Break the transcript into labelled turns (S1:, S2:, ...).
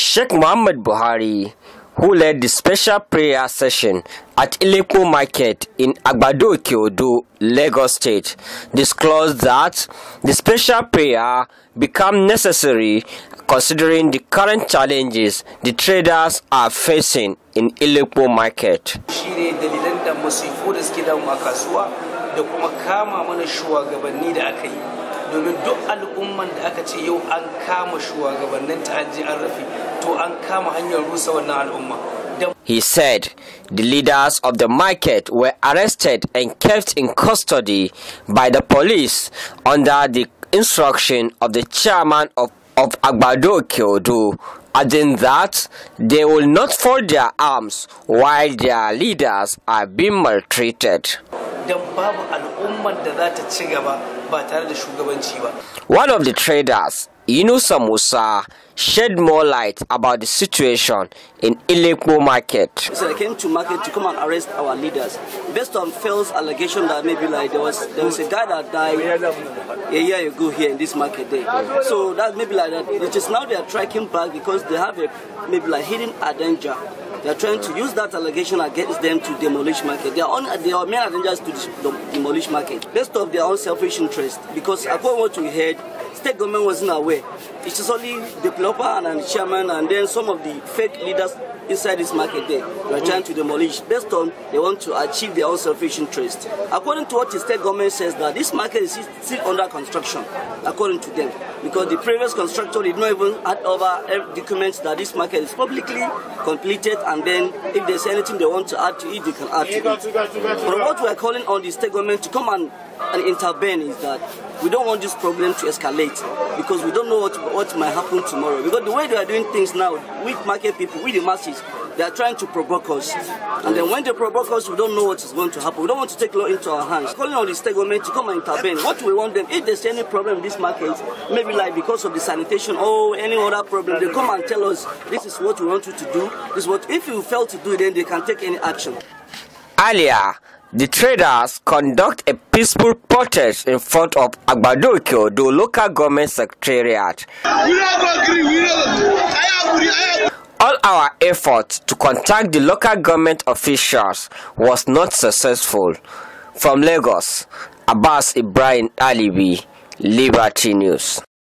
S1: Sheikh Muhammad Buhari, who led the special prayer session at Ileko Market in Agbado Okeodo, Lagos State, disclosed that the special prayer became necessary considering the current challenges the traders are facing in Ileko Market.
S2: shine dalilan da da da kuma kama mana shugabanni da aka yi domin duk al'umman da aka ce yau an kama shugabannin to an kama hanyar rusa wannan al'umma
S1: He said the leaders of the market were arrested and kept in custody by the police under the instruction of the chairman of, of Agbado Kyodo, adding that they will not fold their arms while their leaders are being maltreated. One of the traders, Yunusa Musa, shed more light about the situation in Ilekpo market. So
S2: they came to market to come and arrest our leaders based on false allegation that maybe like there was there was a guy that died a year ago here in this market So that maybe like that, which is now they are tracking back because they have a maybe like hidden danger they are trying to use that allegation against them to demolish market. They are on they are agenda to demolish market based off their own selfish interest. Because according to what we heard, state government wasn't aware it's just only developer and, and chairman and then some of the fake leaders inside this market there they are trying to demolish based on they want to achieve their own selfish interest. According to what the state government says that this market is still under construction, according to them, because the previous constructor did not even add over documents that this market is publicly completed and then if there's anything they want to add to it, they can add to it. But what we are calling on the state government to come and, and intervene is that we don't want this problem to escalate because we don't know what, what might happen tomorrow. Because the way they are doing things now, with market people, with the masses, they are trying to provoke us. And then when they provoke us, we don't know what is going to happen. We don't want to take law into our hands. Calling on the state government to come and intervene. What we want them, if there's any problem in this market, maybe like because of the sanitation or any other problem, they come and tell us, this is what we want you to do. This is what, if you fail to do it, then they can take any action.
S1: Earlier, the traders conduct a peaceful protest in front of Agbadoke the local government secretariat. All our efforts to contact the local government officials was not successful. From Lagos, Abbas Ibrahim Alibi, Liberty News.